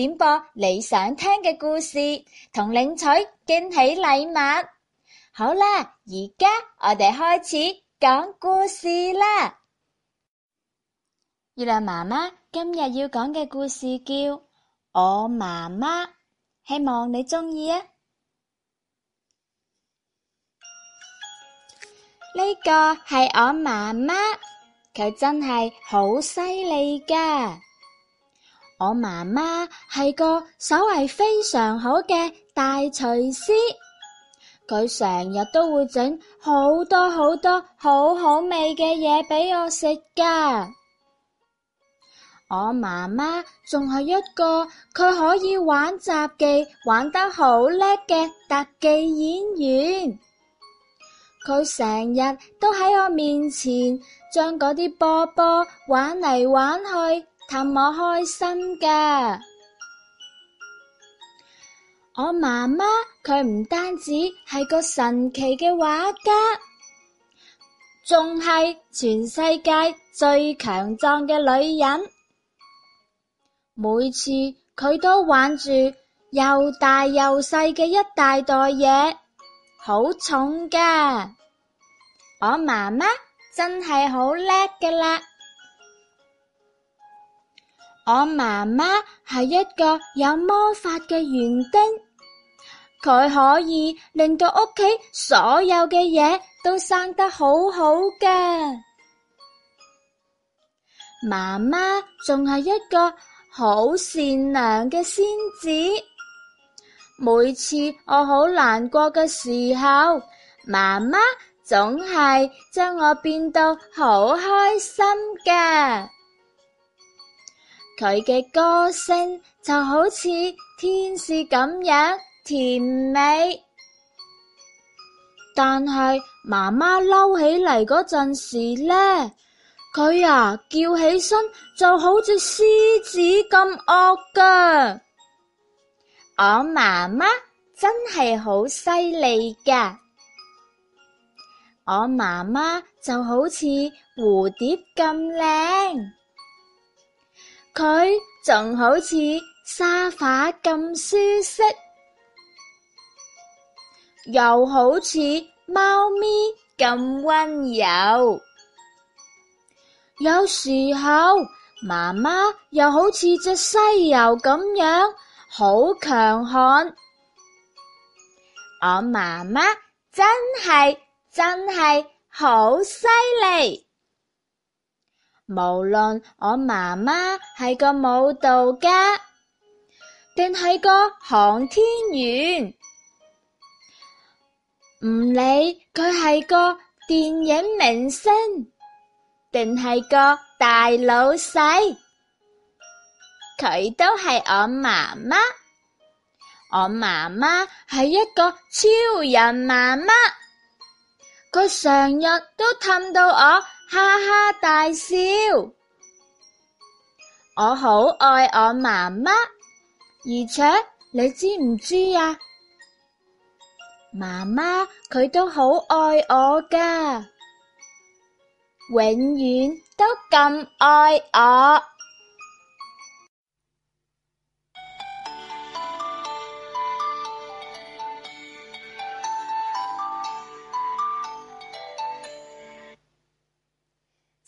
點播你想聽嘅故事，同領取驚喜禮物。我媽媽係個手藝非常好嘅大廚師，佢成日都會整好多好多好好味嘅嘢俾我食㗎。我媽媽仲係一個佢可以玩雜技玩得好叻嘅特技演員，佢成日都喺我面前將嗰啲波波玩嚟玩去。氹我開心噶，我媽媽佢唔單止係個神奇嘅畫家，仲係全世界最強壯嘅女人。每次佢都挽住又大又細嘅一大袋嘢，好重㗎。我媽媽真係好叻㗎啦。我媽媽係一個有魔法嘅園丁，佢可以令到屋企所有嘅嘢都生得好好嘅。媽媽仲係一個好善良嘅仙子，每次我好難過嘅時候，媽媽總係將我變到好開心嘅。佢嘅歌聲就好似天使咁樣甜美，但係媽媽嬲起嚟嗰陣時呢，佢啊叫起身就好似獅子咁惡噶。我媽媽真係好犀利噶，我媽媽就好似蝴蝶咁靚。佢仲好似沙發咁舒適，又好似貓咪咁溫柔。有時候媽媽又好似隻犀牛咁樣，好強悍。我媽媽真係真係好犀利。無論我媽媽係個舞蹈家，定係個航天員，唔理佢係個電影明星，定係個大老細，佢都係我媽媽。我媽媽係一個超人媽媽，佢成日都氹到我。哈哈 大笑！我好愛我媽媽，而且你知唔知啊？媽媽佢都好愛我㗎，永遠都咁愛我。